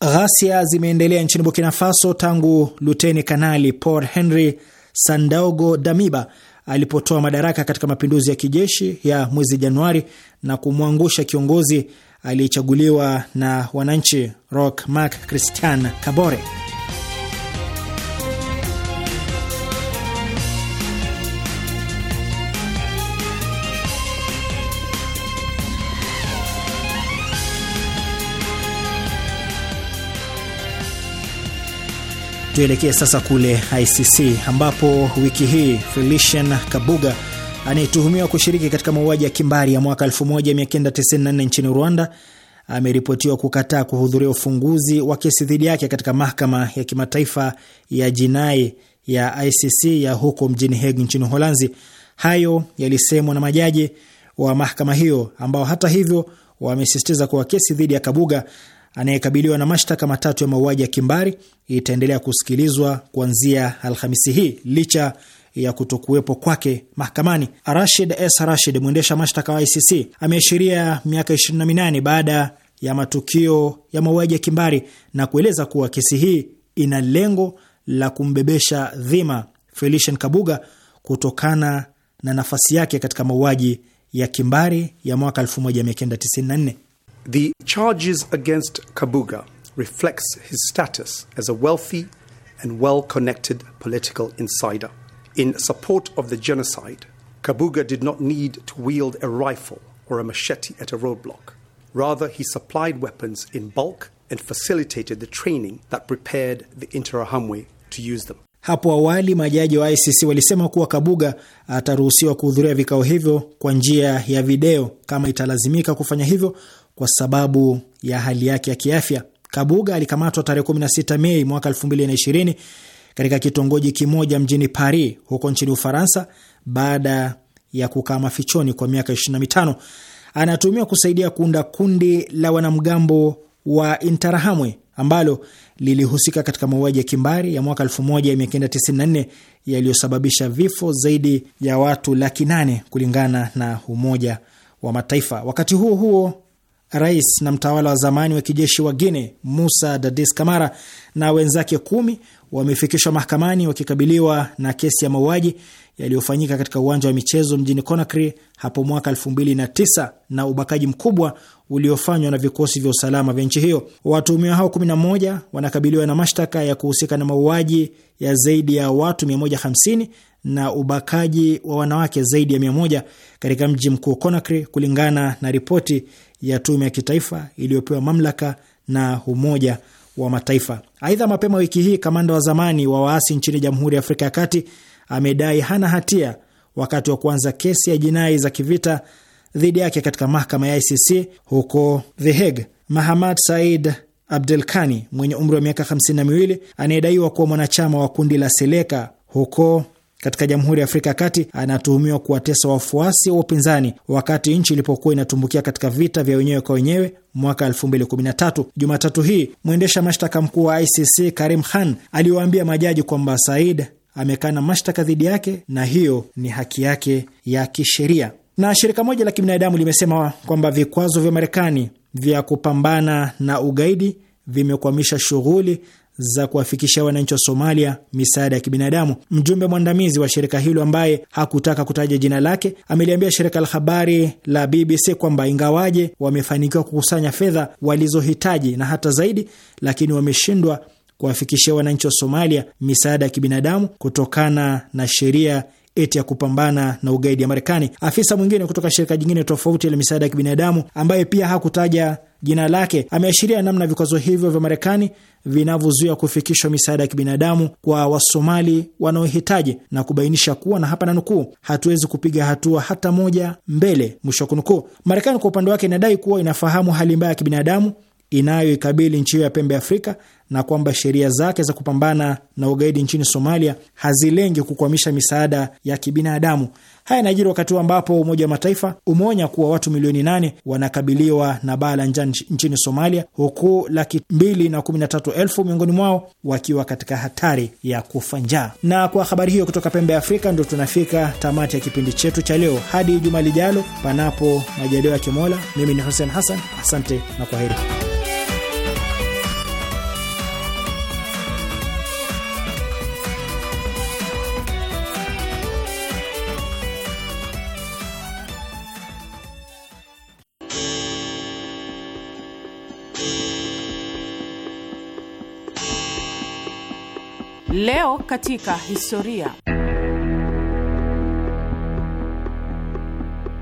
Ghasia zimeendelea nchini Burkina Faso tangu luteni kanali Paul Henry Sandaogo Damiba alipotoa madaraka katika mapinduzi ya kijeshi ya mwezi Januari na kumwangusha kiongozi aliyechaguliwa na wananchi Roch Marc Christian Kabore. Tuelekee sasa kule ICC ambapo wiki hii Felician Kabuga anayetuhumiwa kushiriki katika mauaji ya kimbari ya mwaka 1994 nchini Rwanda ameripotiwa kukataa kuhudhuria ufunguzi wa kesi dhidi yake katika mahakama ya kimataifa ya jinai ya ICC ya huko mjini Hague nchini Uholanzi. Hayo yalisemwa na majaji wa mahakama hiyo ambao hata hivyo wamesisitiza kuwa kesi dhidi ya Kabuga anayekabiliwa na mashtaka matatu ya mauaji ya kimbari itaendelea kusikilizwa kuanzia Alhamisi hii licha ya kutokuwepo kwake mahakamani. Rashid S Rashid, mwendesha mashtaka wa ICC, ameashiria miaka 28 baada ya matukio ya mauaji ya kimbari na kueleza kuwa kesi hii ina lengo la kumbebesha dhima Felician Kabuga kutokana na nafasi yake katika mauaji ya kimbari ya mwaka 1994. The charges against Kabuga reflects his status as a wealthy and well-connected political insider. In support of the genocide, Kabuga did not need to wield a rifle or a machete at a roadblock. Rather, he supplied weapons in bulk and facilitated the training that prepared the Interahamwe to use them. Hapo awali majaji wa ICC walisema kuwa Kabuga ataruhusiwa kuhudhuria vikao hivyo kwa njia ya video kama italazimika kufanya hivyo kwa sababu ya hali yake ya kiafya. Kabuga alikamatwa tarehe 16 Mei mwaka 2020 katika kitongoji kimoja mjini Paris huko nchini Ufaransa baada ya kukaa mafichoni kwa miaka 25. Anatumiwa kusaidia kuunda kundi la wanamgambo wa Interahamwe ambalo lilihusika katika mauaji ya kimbari ya mwaka 1994 yaliyosababisha vifo zaidi ya watu laki nane kulingana na Umoja wa Mataifa. Wakati huo huo rais na mtawala wa zamani wa kijeshi wa Guine Musa Dadis Kamara na wenzake kumi wamefikishwa mahakamani wakikabiliwa na kesi ya mauaji yaliyofanyika katika uwanja wa michezo mjini Conakry hapo mwaka 2009 na ubakaji mkubwa uliofanywa na vikosi vya usalama vya nchi hiyo. Watuhumiwa hao 11 wanakabiliwa na mashtaka ya kuhusika na mauaji ya zaidi ya watu 150 na ubakaji wa wanawake zaidi ya 100 katika mji mkuu Conakry, kulingana na ripoti ya tume ya kitaifa iliyopewa mamlaka na Umoja wa Mataifa. Aidha, mapema wiki hii kamanda wa zamani wa waasi nchini Jamhuri ya Afrika ya Kati amedai hana hatia wakati wa kuanza kesi ya jinai za kivita dhidi yake katika mahakama ya ICC huko The Hague. Mahamad Said Abdelkani mwenye umri wa miaka miwili anayedaiwa kuwa mwanachama wa kundi la Seleka huko katika Jamhuri ya Afrika ya Kati anatuhumiwa kuwatesa wafuasi wa upinzani wakati nchi ilipokuwa inatumbukia katika vita vya wenyewe kwa wenyewe mwaka 2013. Jumatatu hii mwendesha mashtaka mkuu wa ICC Karim Khan aliwaambia majaji kwamba Said amekana mashtaka dhidi yake na hiyo ni haki yake ya kisheria. Na shirika moja la kibinadamu limesema kwamba vikwazo vya Marekani vya kupambana na ugaidi vimekwamisha shughuli za kuwafikishia wananchi wa Somalia misaada ya kibinadamu. Mjumbe mwandamizi wa shirika hilo ambaye hakutaka kutaja jina lake ameliambia shirika la habari la BBC kwamba ingawaje wamefanikiwa kukusanya fedha walizohitaji na hata zaidi, lakini wameshindwa kuwafikishia wananchi wa Somalia misaada ya kibinadamu kutokana na sheria eti ya kupambana na ugaidi ya Marekani. Afisa mwingine kutoka shirika jingine tofauti la misaada ya kibinadamu ambaye pia hakutaja jina lake ameashiria namna vikwazo hivyo vya Marekani vinavyozuia kufikishwa misaada ya kibinadamu kwa Wasomali wanaohitaji na kubainisha kuwa, na hapa na nukuu, hatuwezi kupiga hatua hata moja mbele, mwisho wa kunukuu. Marekani kwa upande wake inadai kuwa inafahamu hali mbaya ya kibinadamu inayoikabili nchi hiyo ya pembe Afrika na kwamba sheria zake za kupambana na ugaidi nchini Somalia hazilengi kukwamisha misaada ya kibinadamu. Haya yanajiri wakati ambapo Umoja wa Mataifa umeonya kuwa watu milioni nane wanakabiliwa na baa la njaa nchini Somalia, huku laki mbili na kumi na tatu elfu miongoni mwao wakiwa katika hatari ya kufa njaa. Na kwa habari hiyo kutoka pembe ya Afrika, ndo tunafika tamati ya kipindi chetu cha leo. Hadi juma lijalo, panapo majaliwa ya Kimola, mimi ni Hussein Hassan, asante na kwa heri Leo katika historia.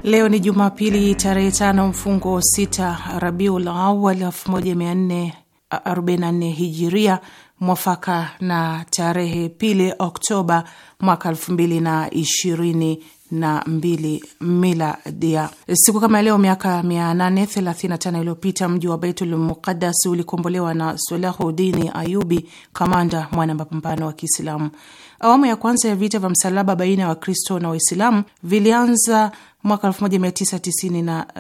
Leo ni Jumapili tarehe tano mfungo sita Rabiul Awal 1444 Hijiria, mwafaka na tarehe pili Oktoba mwaka elfu mbili na ishirini na mbili miladia. Siku kama leo miaka 835 iliyopita mji wa Baitul Muqaddas ulikombolewa na Salahudini Ayubi, kamanda mwanamapambano wa Kiislamu. Awamu ya kwanza ya vita vya msalaba baina ya Wakristo na Waislamu vilianza mwaka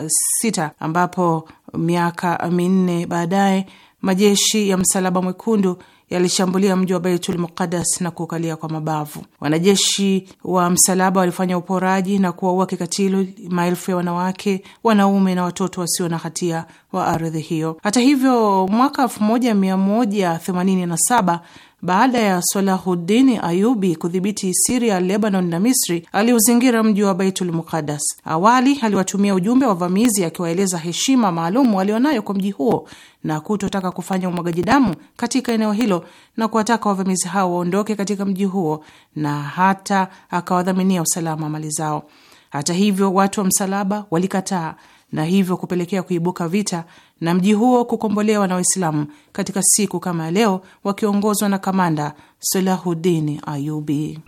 sita ambapo miaka minne baadaye majeshi ya Msalaba Mwekundu yalishambulia mji wa Baitul Muqaddas na kukalia kwa mabavu. Wanajeshi wa msalaba walifanya uporaji na kuwaua kikatili maelfu ya wanawake, wanaume na watoto wasio na hatia wa ardhi hiyo. Hata hivyo, mwaka 1187 baada ya Salahudini Ayubi kudhibiti Siria, Lebanon na Misri, aliuzingira mji wa Baitul Muqaddas. Awali aliwatumia ujumbe wavamizi akiwaeleza heshima maalum walionayo kwa mji huo na kutotaka kufanya umwagaji damu katika eneo hilo na kuwataka wavamizi hao waondoke katika mji huo na hata akawadhaminia usalama wa mali zao. Hata hivyo, watu wa msalaba walikataa na hivyo kupelekea kuibuka vita na mji huo kukombolewa na Waislamu katika siku kama ya leo wakiongozwa na kamanda salahudin Ayubi.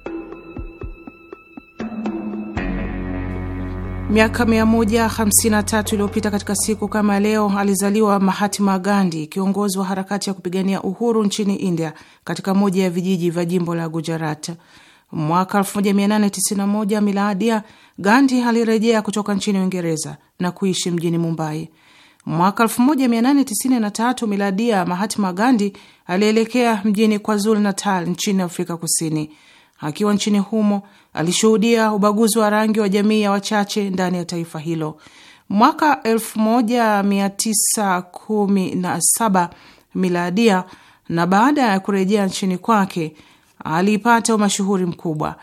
Miaka 153 iliyopita katika siku kama ya leo alizaliwa Mahatma Gandhi, kiongozi wa harakati ya kupigania uhuru nchini India, katika moja ya vijiji vya jimbo la Gujarat. Mwaka 1891 miladia, Gandhi alirejea kutoka nchini Uingereza na kuishi mjini Mumbai. Mwaka 1893 miladia, Mahatma Gandhi alielekea mjini KwaZulu Natal nchini Afrika Kusini. Akiwa nchini humo alishuhudia ubaguzi wa rangi wa jamii ya wachache ndani ya taifa hilo. Mwaka 1917 miladia, na baada ya kurejea nchini kwake aliipata umashuhuri mkubwa,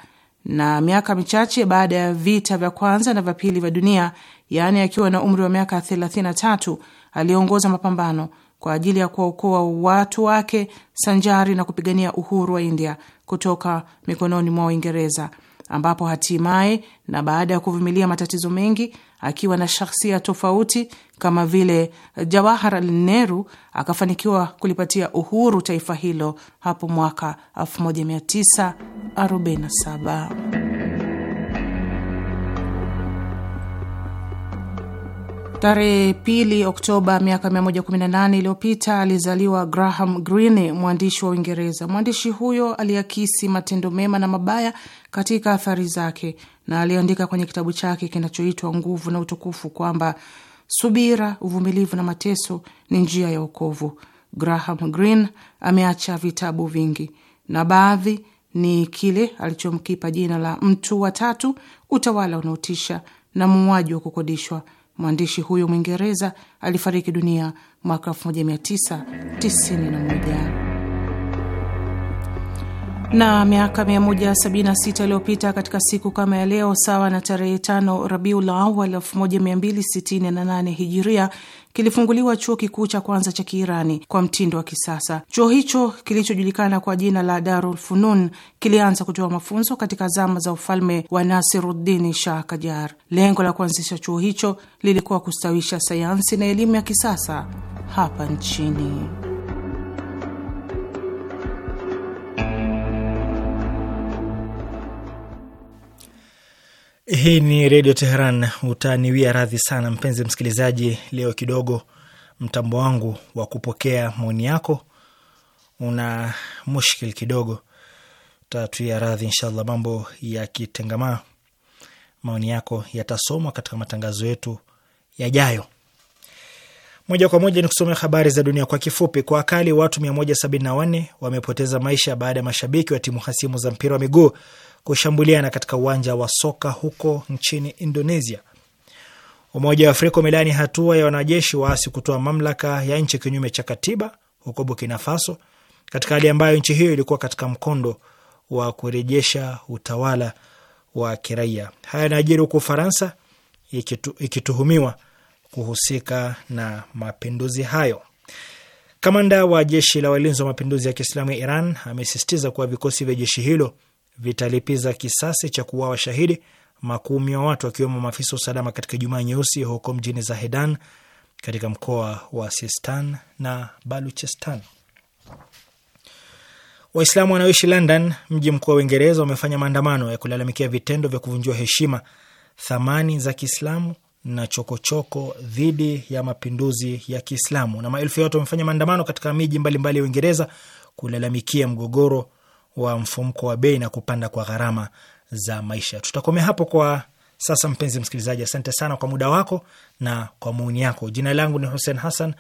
na miaka michache baada ya vita vya kwanza na vya pili vya dunia, yaani akiwa na umri wa miaka 33, aliongoza mapambano kwa ajili ya kuwaokoa watu wake sanjari na kupigania uhuru wa India kutoka mikononi mwa Uingereza, ambapo hatimaye na baada ya kuvumilia matatizo mengi akiwa na shakhsia tofauti kama vile Jawaharlal Nehru akafanikiwa kulipatia uhuru taifa hilo hapo mwaka 1947. Tarehe pili Oktoba miaka 118 iliyopita alizaliwa Graham Greene, mwandishi wa Uingereza. Mwandishi huyo aliakisi matendo mema na mabaya katika athari zake na aliandika kwenye kitabu chake kinachoitwa Nguvu na Utukufu kwamba subira, uvumilivu na mateso ni njia ya wokovu. Graham Greene ameacha vitabu vingi na baadhi ni kile alichomkipa jina la Mtu wa Tatu, Utawala Unaotisha na Muuaji wa Kukodishwa. Mwandishi huyo Mwingereza alifariki dunia mwaka 1991 na miaka 176 iliyopita katika siku kama ya leo, sawa na tarehe tano Rabiul Awal 1268 Hijiria, kilifunguliwa chuo kikuu cha kwanza cha Kiirani kwa mtindo wa kisasa. Chuo hicho kilichojulikana kwa jina la Darul Funun kilianza kutoa mafunzo katika zama za ufalme wa Nasiruddin Shah Kajar. Lengo la kuanzisha chuo hicho lilikuwa kustawisha sayansi na elimu ya kisasa hapa nchini. Hii ni Redio Teheran. Utaniwia radhi sana mpenzi msikilizaji, leo kidogo mtambo wangu wa kupokea maoni yako una mushkil kidogo, tatuia radhi inshallah. Mambo yakitengamaa, maoni yako yatasomwa katika matangazo yetu yajayo. Moja kwa moja ni kusomea habari za dunia kwa kifupi. Kwa akali watu 174 wamepoteza maisha baada ya mashabiki wa timu hasimu za mpira wa miguu kushambuliana katika uwanja wa soka huko nchini Indonesia. Umoja wa Afrika umelaani hatua ya wanajeshi waasi kutoa mamlaka ya nchi kinyume cha katiba huko Burkina Faso, katika hali ambayo nchi hiyo ilikuwa katika mkondo wa kurejesha utawala wa kiraia. Haya yanajiri huku Ufaransa ikitu, ikituhumiwa kuhusika na mapinduzi hayo. Kamanda wa jeshi la walinzi wa mapinduzi ya Kiislamu ya Iran amesisitiza kuwa vikosi vya jeshi hilo vitalipiza kisasi cha kuuawa shahidi makumi wa watu wakiwemo maafisa wa usalama katika Jumaa nyeusi huko mjini Zahedan katika mkoa wa Sistan na Baluchestan. Waislamu wanaoishi London, mji mkuu wa Uingereza, wamefanya maandamano ya kulalamikia vitendo vya kuvunjiwa heshima thamani za Kiislamu na chokochoko dhidi ya mapinduzi ya Kiislamu. Na maelfu ya watu wamefanya maandamano katika miji mbalimbali ya Uingereza kulalamikia mgogoro wa mfumko wa bei na kupanda kwa gharama za maisha. Tutakomea hapo kwa sasa, mpenzi msikilizaji, asante sana kwa muda wako na kwa maoni yako. Jina langu ni Hussein Hassan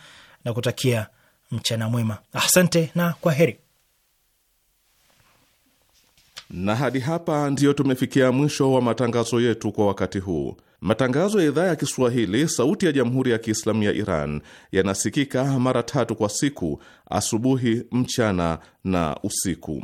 na kutakia mchana mwema. Asante na kwa heri. Na hadi hapa ndiyo tumefikia mwisho wa matangazo yetu kwa wakati huu. Matangazo ya idhaa ya Kiswahili sauti ya jamhuri ya Kiislamu ya Iran yanasikika mara tatu kwa siku: asubuhi, mchana na usiku.